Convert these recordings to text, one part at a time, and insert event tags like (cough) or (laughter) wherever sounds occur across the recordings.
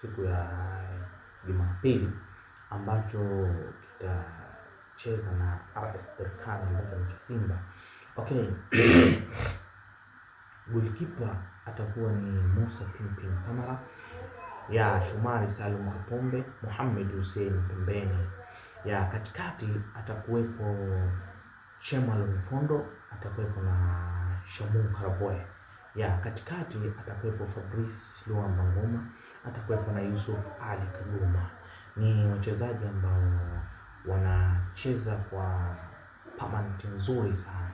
siku ya Jumapili ambacho kitacheza na RS Berkane ambacho ni Simba. Okay. (clears throat) Golikipa atakuwa ni Musa Pimpin Kamara, ya shumari Salum Kapombe, Muhammad Hussein pembeni, ya katikati atakuwepo Chemalo Mfondo, atakuwepo na Shamu Karaboe, ya katikati atakuwepo Fabrice Luamba Ngoma atakuwepo na Yusuf Ali Kagoma. Ni wachezaji ambao wanacheza kwa pamati nzuri sana,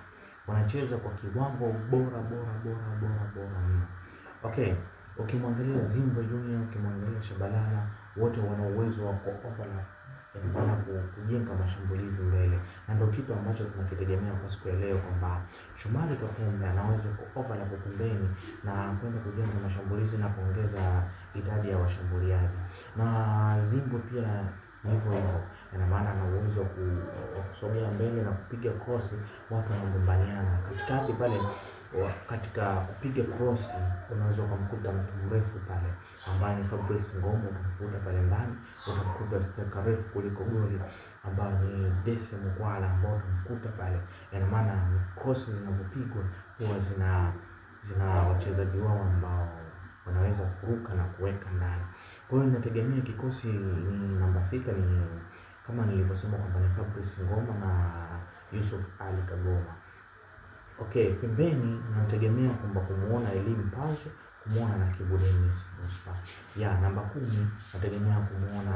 wanacheza kwa kiwango bora bora bora bora bora mno. Okay, ukimwangalia zimba Junior, ukimwangalia Shabalala, wote wana uwezo wa kuokola kujenga mashambulizi mbele, na ndio kitu ambacho tunakitegemea kwa siku ya leo kwamba Shomari Kapombe anaweza ku kuoverlap pembeni na kwenda kujenga mashambulizi na kuongeza idadi ya washambuliaji, na Zimbo pia hivyo hivyo, ina maana ana uwezo wa kusogea mbele na kupiga krosi, watu wanagombaniana katikati pale katika kupiga krosi unaweza ukamkuta mtu mrefu pale ambaye ni Fabrice Ngoma, ukamkuta pale ndani anakuta steka refu kuliko goli ambayo ni Dese Mkwala ambao tumkuta pale. Ina maana kosi zinazopigwa huwa zina zina wachezaji wao ambao wanaweza kuruka na kuweka ndani. Kwa hiyo nategemea kikosi namba sita ni kama nilivyosema kwamba ni Fabrice Ngoma na Yusuf Ali Kagoma. Okay, pembeni nategemea kwamba kumuona Elim pazo kumwona na Kibudeni Muspa. Ya namba kumi nategemea kumwona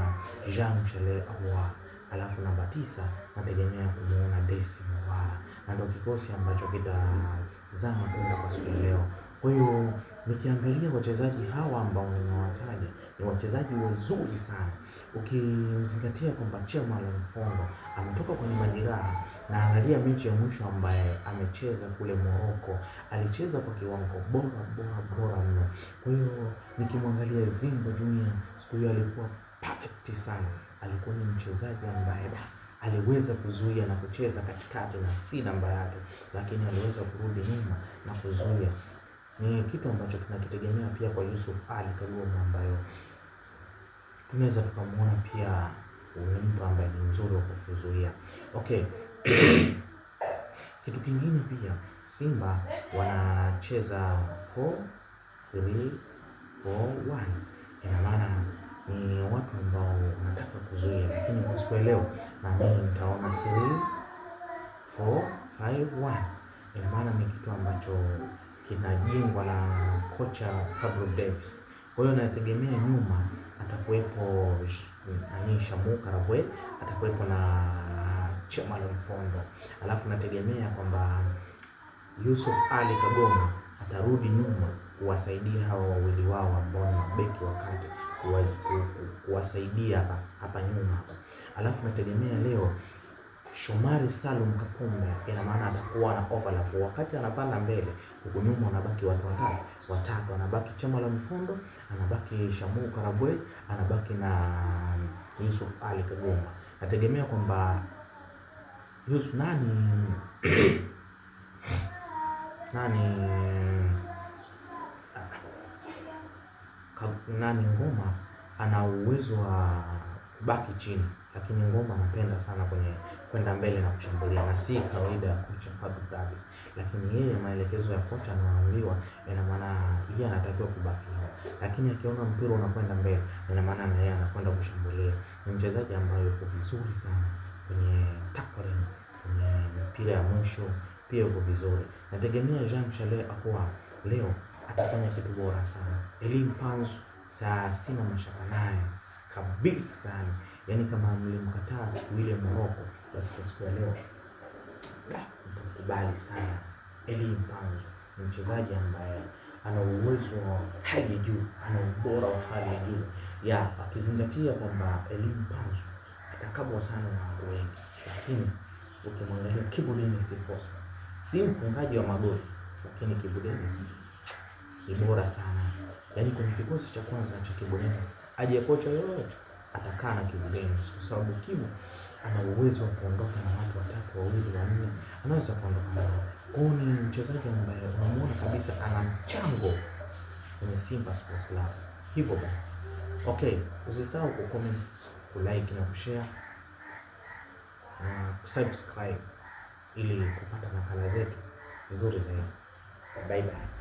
Jean Mchele Ahoua, alafu namba tisa nategemea kumwona Desi Mwara. na ndio kikosi ambacho kitazama kwenda kwa siku leo. Kwa hiyo nikiangalia wachezaji hawa ambao nimewataja ni wachezaji wazuri sana, ukizingatia kwamba Chama la Mfondo ametoka kwenye majiraha naangalia mechi ya mwisho ambaye amecheza kule Morocco, alicheza kwa kiwango bora bora bora mno. Kwa hiyo nikimwangalia Zimbo Junior siku hiyo alikuwa perfect sana, alikuwa ni mchezaji ambaye aliweza kuzuia na kucheza katikati na si namba yake, lakini aliweza kurudi nyuma na kuzuia. Ni kitu ambacho tunakitegemea pia kwa Yusuf Ali Kagoma, ambayo tunaweza tukamwona pia ni mtu ambaye ni mzuri wa kuzuia. Okay. (clears throat) Kitu kingine pia Simba wanacheza 4-3-4-1 ina maana ni watu ambao wanataka kuzuia, lakini kusikuelewa na mimi nitaona 3-4-5-1 ina maana ni kitu ambacho kinajengwa na kocha Fadlu Davis. Kwa hiyo nategemea nyuma atakuwepo Shamu Karabwe, atakuwepo na cha Marlon Fondo, alafu nategemea kwamba Yusuf Ali Kagoma atarudi nyuma kuwasaidia hawa wawili wao ambao ni mabeki wa kati, kuwasaidia hapa hapa nyuma hapa, alafu nategemea leo Shomari Salum Kapombe, ina maana atakuwa na overlap wakati anapanda mbele, huku nyuma anabaki watu watatu watatu, anabaki Chama la Mfondo, anabaki Shamu Karabwe, anabaki na Yusuf Ali Kagoma. Nategemea kwamba kuhusu nani (clears throat) nani nani Ngoma ana uwezo wa kubaki chini, lakini Ngoma anapenda sana kwenye kwenda mbele na kushambulia, na si kawaida ya kocha Fadlu Davids. Lakini yeye maelekezo ya kocha anaambiwa, ina maana yeye anatakiwa kubaki hapo, lakini akiona mpira unakwenda mbele, ina maana na yeye anakwenda kushambulia. Ni mchezaji ambaye yuko vizuri sana kwenye tackling, kwenye mpira ya mwisho pia uko vizuri. Nategemea Jean Chale Ahoua leo atafanya kitu bora sana. Elim Panzu saa sina mashaka naye kabisa, yaani kama mlimkataa siku ile Morocco, basi kwa siku ya leo mtakubali sana. Elim Panzu ni mchezaji ambaye ana uwezo wa hali ya juu, ana ubora wa hali ya juu ya akizingatia kwamba Elim Panzu atakabwa sana na wangu wengi, lakini ukimwangalia Kibu Denis Foster si mfungaji wa magoli, lakini Kibu Denis ni bora sana. Yaani kwenye kikosi cha kwanza cha Kibu Denis, aje kocha yoyote atakaa na Kibu Denis, kwa sababu Kibu ana uwezo wa kuondoka na watu watatu wawili wanne, anaweza kuondoka nao. Kwa ni mchezaji ambaye unamuona kabisa ana mchango kwenye Simba Sports Club. Hivyo basi, okay, usisahau kucomment kulike na kushare na kusubscribe ili kupata makala zetu vizuri zaidi. Bye bye.